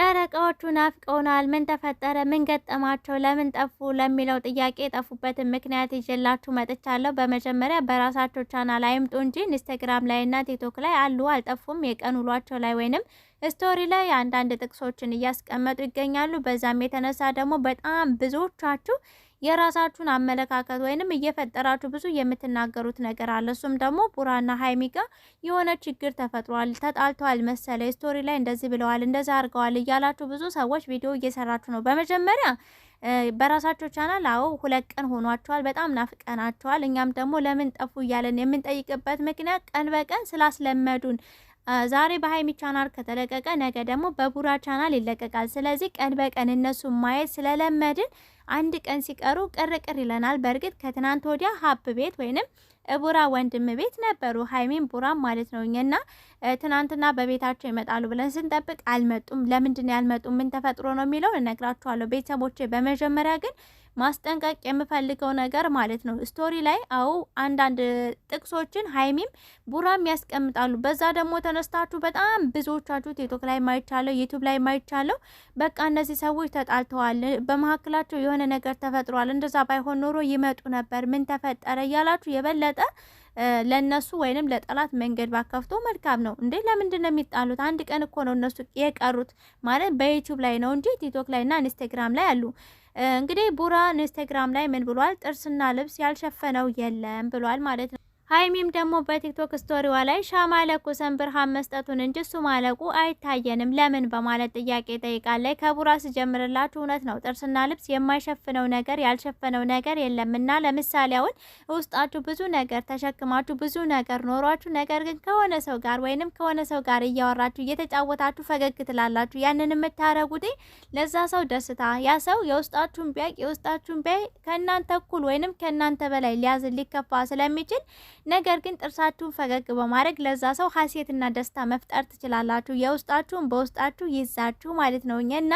ጨረቃዎቹ ናፍቀውናል። ምን ተፈጠረ? ምን ገጠማቸው? ለምን ጠፉ? ለሚለው ጥያቄ የጠፉበትን ምክንያት ይዤላችሁ መጥቻለሁ። በመጀመሪያ በራሳቸው ቻናል አይምጡ እንጂ ኢንስታግራም ላይ እና ቲክቶክ ላይ አሉ፣ አልጠፉም። የቀን ውሏቸው ላይ ወይንም ስቶሪ ላይ አንዳንድ ጥቅሶችን እያስቀመጡ ይገኛሉ። በዛም የተነሳ ደግሞ በጣም ብዙዎቻችሁ የራሳችሁን አመለካከት ወይንም እየፈጠራችሁ ብዙ የምትናገሩት ነገር አለ። እሱም ደግሞ ቡራና ሀይሚ ጋር የሆነ ችግር ተፈጥሯል፣ ተጣልተዋል መሰለ ስቶሪ ላይ እንደዚህ ብለዋል፣ እንደዛ አድርገዋል እያላችሁ ብዙ ሰዎች ቪዲዮ እየሰራችሁ ነው። በመጀመሪያ በራሳቸው ቻናል አዎ ሁለት ቀን ሆኗቸዋል። በጣም ናፍቀናቸዋል። እኛም ደግሞ ለምን ጠፉ እያለን የምንጠይቅበት ምክንያት ቀን በቀን ስላስለመዱን ዛሬ በሀይሚ ቻናል ከተለቀቀ ነገ ደግሞ በቡራ ቻናል ይለቀቃል። ስለዚህ ቀን በቀን እነሱ ማየት ስለለመድን አንድ ቀን ሲቀሩ ቅርቅር ይለናል። በእርግጥ ከትናንት ወዲያ ሀብ ቤት ወይንም ቡራ ወንድም ቤት ነበሩ፣ ሀይሚን ቡራም ማለት ነው። እኛና ትናንትና በቤታቸው ይመጣሉ ብለን ስንጠብቅ አልመጡም። ለምንድን ያልመጡ ምን ተፈጥሮ ነው የሚለውን እነግራችኋለሁ ቤተሰቦቼ። በመጀመሪያ ግን ማስጠንቀቅ የምፈልገው ነገር ማለት ነው ስቶሪ ላይ አው አንዳንድ ጥቅሶችን ሀይሚም ቡራም ያስቀምጣሉ። በዛ ደግሞ ተነስታችሁ በጣም ብዙዎቻችሁ ቲክቶክ ላይ ማይቻለው፣ ዩቱብ ላይ ማይቻለው፣ በቃ እነዚህ ሰዎች ተጣልተዋል፣ በመካከላቸው የሆነ ነገር ተፈጥሯል፣ እንደዛ ባይሆን ኖሮ ይመጡ ነበር፣ ምን ተፈጠረ እያላችሁ የበለጠ ለነሱ ወይንም ለጠላት መንገድ ባከፍቶ መልካም ነው እንዴ! ለምንድን ነው የሚጣሉት? አንድ ቀን እኮ ነው እነሱ የቀሩት ማለት በዩቲዩብ ላይ ነው እንጂ ቲክቶክ ላይ እና ኢንስታግራም ላይ አሉ። እንግዲህ ቡራ ኢንስታግራም ላይ ምን ብሏል? ጥርስና ልብስ ያልሸፈነው የለም ብሏል ማለት ነው። ሀይሚም ደግሞ በቲክቶክ ስቶሪዋ ላይ ሻማ ለኩሰን ብርሃን መስጠቱን እንጂ እሱ ማለቁ አይታየንም ለምን በማለት ጥያቄ ጠይቃለች። ከቡራ ስጀምርላችሁ እውነት ነው ጥርስና ልብስ የማይሸፍነው ነገር ያልሸፈነው ነገር የለምና፣ ለምሳሌ አሁን ውስጣችሁ ብዙ ነገር ተሸክማችሁ ብዙ ነገር ኖሯችሁ፣ ነገር ግን ከሆነ ሰው ጋር ወይንም ከሆነ ሰው ጋር እያወራችሁ እየተጫወታችሁ ፈገግ ትላላችሁ። ያንን የምታረጉት ለዛ ሰው ደስታ፣ ያ ሰው የውስጣችሁን ቢያቅ የውስጣችሁን ቢያይ ከእናንተ እኩል ወይንም ከእናንተ በላይ ሊያዝን ሊከፋ ስለሚችል ነገር ግን ጥርሳችሁን ፈገግ በማድረግ ለዛ ሰው ሀሴትና ደስታ መፍጠር ትችላላችሁ። የውስጣችሁን በውስጣችሁ ይዛችሁ ማለት ነው እና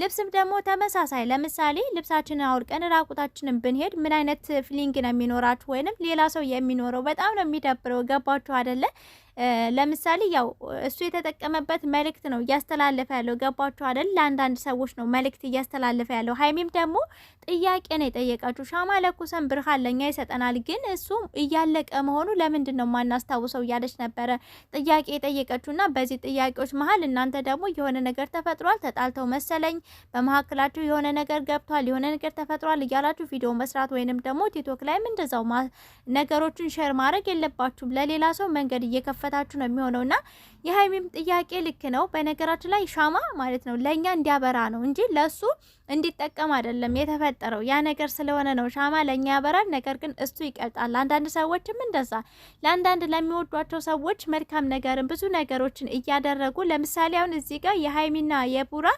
ልብስም ደግሞ ተመሳሳይ። ለምሳሌ ልብሳችንን አውልቀን ራቁታችንን ብንሄድ ምን አይነት ፊሊንግ ነው የሚኖራችሁ? ወይንም ሌላ ሰው የሚኖረው በጣም ነው የሚደብረው። ገባችሁ አደለ? ለምሳሌ ያው እሱ የተጠቀመበት መልእክት ነው እያስተላለፈ ያለው። ገባችሁ አይደል? ለአንዳንድ ሰዎች ነው መልእክት እያስተላለፈ ያለው። ሀይሚም ደግሞ ጥያቄ ነው የጠየቀችው። ሻማ ለኩሰን ብርሃን ለኛ ይሰጠናል፣ ግን እሱ እያለቀ መሆኑ ለምንድን ነው ማናስታውሰው እያለች ነበረ ጥያቄ የጠየቀችው እና በዚህ ጥያቄዎች መሀል እናንተ ደግሞ የሆነ ነገር ተፈጥሯል፣ ተጣልተው መሰለኝ በመካከላችሁ የሆነ ነገር ገብቷል፣ የሆነ ነገር ተፈጥሯል እያላችሁ ቪዲዮ መስራት ወይንም ደግሞ ቲክቶክ ላይም እንደዛው ነገሮችን ሼር ማድረግ የለባችሁም። ለሌላ ሰው መንገድ እየከፈ የሚመለከታችሁ ነው የሚሆነው እና የሀይሚም ጥያቄ ልክ ነው። በነገራችን ላይ ሻማ ማለት ነው ለእኛ እንዲያበራ ነው እንጂ ለእሱ እንዲጠቀም አይደለም የተፈጠረው። ያ ነገር ስለሆነ ነው ሻማ ለእኛ ያበራል፣ ነገር ግን እሱ ይቀልጣል። አንዳንድ ሰዎችም እንደዛ ለአንዳንድ ለሚወዷቸው ሰዎች መልካም ነገርን ብዙ ነገሮችን እያደረጉ ለምሳሌ አሁን እዚህ ጋር የሀይሚና የቡራ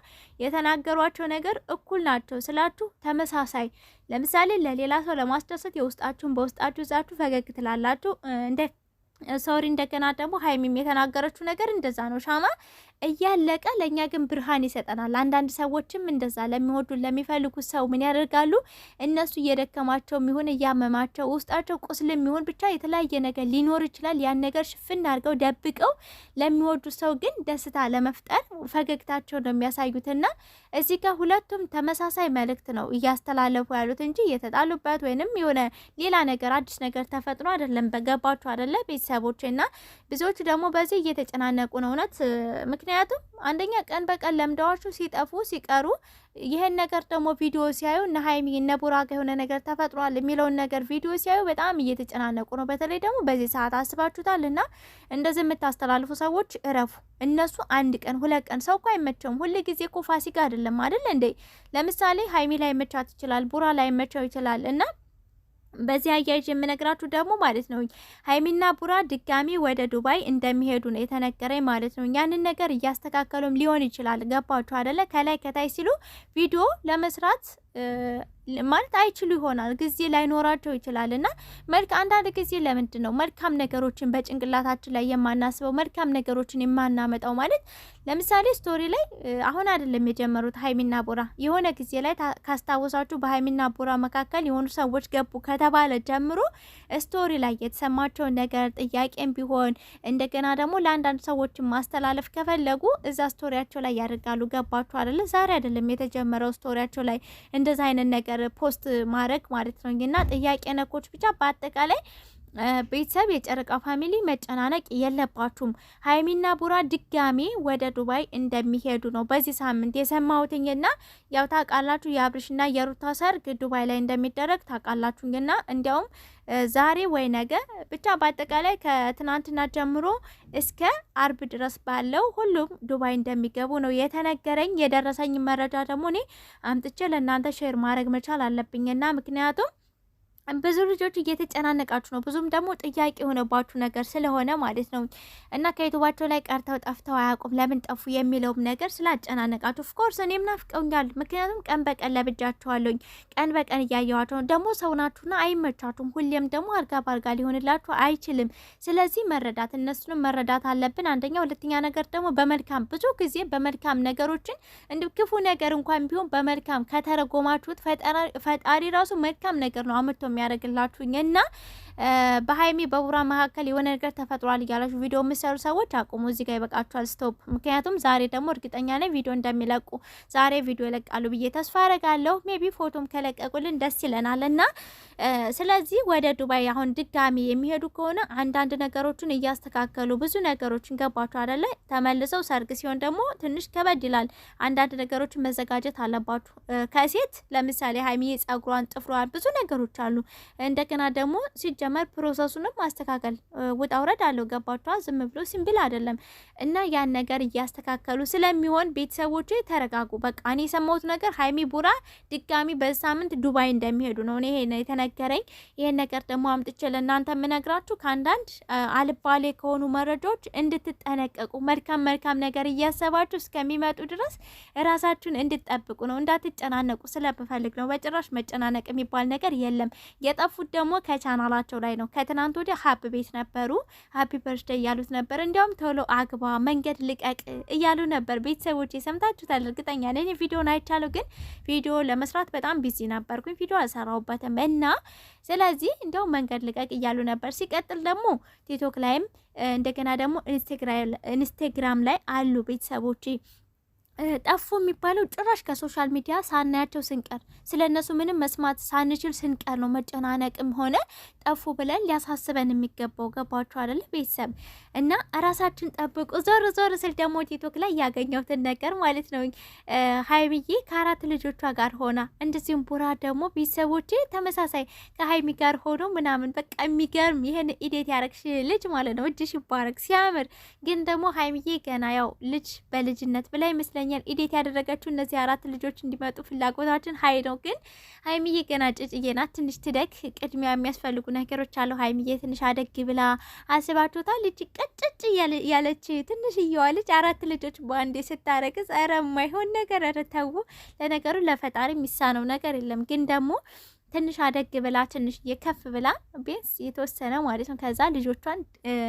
የተናገሯቸው ነገር እኩል ናቸው ስላችሁ ተመሳሳይ ለምሳሌ ለሌላ ሰው ለማስደሰት የውስጣችሁን በውስጣችሁ ይዛችሁ ፈገግ ትላላችሁ እንደ ሰውሪ እንደገና ደግሞ ሀይሚም የተናገረችው ነገር እንደዛ ነው። ሻማ እያለቀ ለእኛ ግን ብርሃን ይሰጠናል። አንዳንድ ሰዎችም እንደዛ ለሚወዱ ለሚፈልጉ ሰው ምን ያደርጋሉ? እነሱ እየደከማቸው ሚሆን እያመማቸው ውስጣቸው ቁስል የሚሆን ብቻ የተለያየ ነገር ሊኖር ይችላል። ያን ነገር ሽፍን አድርገው ደብቀው ለሚወዱት ሰው ግን ደስታ ለመፍጠር ፈገግታቸው ነው የሚያሳዩትና እዚህ ጋር ሁለቱም ተመሳሳይ መልእክት ነው እያስተላለፉ ያሉት እንጂ የተጣሉበት ወይንም የሆነ ሌላ ነገር አዲስ ነገር ተፈጥኖ አይደለም። በገባችሁ አይደለ ቤተሰቦች እና ብዙዎቹ ደግሞ በዚህ እየተጨናነቁ ነው እውነት ምክንያቱም አንደኛ ቀን በቀን ለምዳዎቹ ሲጠፉ ሲቀሩ ይህን ነገር ደግሞ ቪዲዮ ሲያዩ እነ ሀይሚ እነ ቡራ ጋ የሆነ ነገር ተፈጥሯል የሚለውን ነገር ቪዲዮ ሲያዩ በጣም እየተጨናነቁ ነው። በተለይ ደግሞ በዚህ ሰዓት አስባችሁታል። እና እንደዚህ የምታስተላልፉ ሰዎች እረፉ። እነሱ አንድ ቀን ሁለት ቀን ሰው እኮ አይመቸውም። ሁል ጊዜ እኮ ፋሲካ አይደለም አይደል እንዴ? ለምሳሌ ሀይሚ ላይ መቻት ይችላል፣ ቡራ ላይ መቻው ይችላል እና በዚህ አያይዤ የምነግራችሁ ደግሞ ማለት ነው ሀይሚና ቡራ ድጋሚ ወደ ዱባይ እንደሚሄዱ ነው የተነገረኝ ማለት ነው። ያንን ነገር እያስተካከሉም ሊሆን ይችላል። ገባችሁ አደለ? ከላይ ከታይ ሲሉ ቪዲዮ ለመስራት ማለት አይችሉ ይሆናል። ጊዜ ላይኖራቸው ይችላል እና መልክ አንዳንድ ጊዜ ለምንድን ነው መልካም ነገሮችን በጭንቅላታችን ላይ የማናስበው መልካም ነገሮችን የማናመጣው? ማለት ለምሳሌ ስቶሪ ላይ አሁን አይደለም የጀመሩት ሀይሚና ቦራ። የሆነ ጊዜ ላይ ካስታወሳችሁ በሀይሚና ቦራ መካከል የሆኑ ሰዎች ገቡ ከተባለ ጀምሮ ስቶሪ ላይ የተሰማቸውን ነገር ጥያቄም ቢሆን እንደገና ደግሞ ለአንዳንድ ሰዎች ማስተላለፍ ከፈለጉ እዛ ስቶሪያቸው ላይ ያደርጋሉ። ገባችሁ አይደለ? ዛሬ አይደለም የተጀመረው ስቶሪያቸው ላይ እንደዛ አይነት ነገር ፖስት ማድረግ ማለት ነው እና ጥያቄ ነኮች ብቻ በአጠቃላይ ቤተሰብ የጨረቃ ፋሚሊ መጨናነቅ የለባችሁም። ሀይሚና ቡራ ድጋሜ ወደ ዱባይ እንደሚሄዱ ነው በዚህ ሳምንት የሰማሁትኝና ያው ታውቃላችሁ የአብርሽና የሩታ ሰርግ ዱባይ ላይ እንደሚደረግ ታውቃላችሁኝና እንዲያውም ዛሬ ወይ ነገ ብቻ በአጠቃላይ ከትናንትና ጀምሮ እስከ አርብ ድረስ ባለው ሁሉም ዱባይ እንደሚገቡ ነው የተነገረኝ። የደረሰኝ መረጃ ደግሞ እኔ አምጥቼ ለእናንተ ሼር ማድረግ መቻል አለብኝና ምክንያቱም ብዙ ልጆች እየተጨናነቃችሁ ነው። ብዙም ደግሞ ጥያቄ የሆነባችሁ ነገር ስለሆነ ማለት ነው እና ከዩቱባቸው ላይ ቀርተው ጠፍተው አያውቁም ለምን ጠፉ የሚለውም ነገር ስላጨናነቃችሁ፣ ኦፍኮርስ እኔም ናፍቀውኛል። ምክንያቱም ቀን በቀን ለብጃቸዋለኝ፣ ቀን በቀን እያየዋቸው ነው። ደግሞ ሰው አይመቻችሁም። ሁሌም ደግሞ አልጋ በአልጋ ሊሆንላችሁ አይችልም። ስለዚህ መረዳት እነሱንም መረዳት አለብን። አንደኛ፣ ሁለተኛ ነገር ደግሞ በመልካም ብዙ ጊዜ በመልካም ነገሮችን እንዲ ክፉ ነገር እንኳን ቢሆን በመልካም ከተረጎማችሁት ፈጣሪ ራሱ መልካም ነገር ነው አምቶ የሚያደርግላችሁኝ እና በሀይሚ በቡራ መካከል የሆነ ነገር ተፈጥሯል እያላችሁ ቪዲዮ የምሰሩ ሰዎች አቁሙ፣ እዚህ ጋር ይበቃችኋል፣ ስቶፕ። ምክንያቱም ዛሬ ደግሞ እርግጠኛ ነኝ ቪዲዮ እንደሚለቁ ዛሬ ቪዲዮ ይለቃሉ ብዬ ተስፋ አረጋለሁ። ሜቢ ፎቶም ከለቀቁልን ደስ ይለናል እና ስለዚህ ወደ ዱባይ አሁን ድጋሚ የሚሄዱ ከሆነ አንዳንድ ነገሮችን እያስተካከሉ ብዙ ነገሮችን ገባችሁ አደለ? ተመልሰው ሰርግ ሲሆን ደግሞ ትንሽ ከበድ ይላል። አንዳንድ ነገሮችን መዘጋጀት አለባችሁ። ከሴት ለምሳሌ ሀይሚ ጸጉሯን፣ ጥፍሯን ብዙ ነገሮች አሉ። እንደገና ደግሞ ሲጀ ሲጀመር ፕሮሰሱንም ማስተካከል ውጣ ውረድ አለው። ገባችኋ? ዝም ብሎ ሲምብል አይደለም እና ያን ነገር እያስተካከሉ ስለሚሆን ቤተሰቦች ተረጋጉ። በቃ እኔ የሰማሁት ነገር ሀይሚ ቡራ ድጋሚ በሳምንት ዱባይ እንደሚሄዱ ነው። ይሄ ነው የተነገረኝ። ይሄን ነገር ደግሞ አምጥቼ ለእናንተ የምነግራችሁ ከአንዳንድ አልባሌ ከሆኑ መረጃዎች እንድትጠነቀቁ መልካም መልካም ነገር እያሰባችሁ እስከሚመጡ ድረስ ራሳችሁን እንድጠብቁ ነው። እንዳትጨናነቁ ስለምፈልግ ነው። በጭራሽ መጨናነቅ የሚባል ነገር የለም። የጠፉት ደግሞ ከቻናላቸው ላይ ነው። ከትናንት ወዲያ ሀብ ቤት ነበሩ። ሀፒ በርዝደይ እያሉት ነበር። እንዲያውም ቶሎ አግባ መንገድ ልቀቅ እያሉ ነበር። ቤተሰቦች የሰምታችሁታል እርግጠኛ ነኝ። ቪዲዮን አይቻለሁ፣ ግን ቪዲዮ ለመስራት በጣም ቢዚ ነበርኩኝ። ቪዲዮ አልሰራሁበትም እና ስለዚህ እንዲያውም መንገድ ልቀቅ እያሉ ነበር። ሲቀጥል ደግሞ ቲክቶክ ላይም እንደገና ደግሞ ኢንስታግራም ላይ አሉ ቤተሰቦች ጠፉ የሚባለው ጭራሽ ከሶሻል ሚዲያ ሳናያቸው ስንቀር ስለ እነሱ ምንም መስማት ሳንችል ስንቀር ነው። መጨናነቅም ሆነ ጠፉ ብለን ሊያሳስበን የሚገባው ገባችሁ አይደለ? ቤተሰብ እና ራሳችን ጠብቁ። ዞር ዞር ስል ደግሞ ቲክቶክ ላይ ያገኘሁትን ነገር ማለት ነው። ሀይሚዬ ከአራት ልጆቿ ጋር ሆና እንደዚሁም ቡራ ደግሞ ቤተሰቦች ተመሳሳይ ከሀይሚ ጋር ሆኖ ምናምን በቃ የሚገርም ይህን ኢዴት ያረግሽ ልጅ ማለት ነው። እጅሽ ይባረክ ሲያምር። ግን ደግሞ ሀይሚዬ ገና ያው ልጅ በልጅነት ብላ ይመስለኛል ይመስለኛል ኢዴት ያደረገችው እነዚህ አራት ልጆች እንዲመጡ ፍላጎታችን ሀይ ነው። ግን ሀይሚዬ ገና ጭጭዬ ናት። ትንሽ ትደግ። ቅድሚያ የሚያስፈልጉ ነገሮች አሉ። ሀይሚዬ ትንሽ አደግ ብላ አስባችሁታል? ልጅ ቀጭጭ ያለች ትንሽ እየዋለች አራት ልጆች በአንዴ ስታረግዝ፣ ኧረ የማይሆን ነገር። ኧረ ተው። ለነገሩ ለፈጣሪ የሚሳነው ነገር የለም ግን ደግሞ ትንሽ አደግ ብላ ትንሽ የከፍ ብላ ቢያንስ የተወሰነ ማለት ነው። ከዛ ልጆቿን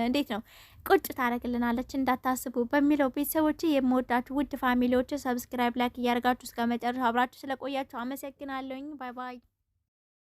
እንዴት ነው ቁጭ ታደረግልናለች እንዳታስቡ በሚለው ቤተሰቦች የምወዳችሁ ውድ ፋሚሊዎች ሰብስክራይብ፣ ላይክ እያደርጋችሁ እስከ መጨረሻ አብራችሁ ስለቆያችሁ አመሰግናለሁኝ። ባይ ባይ።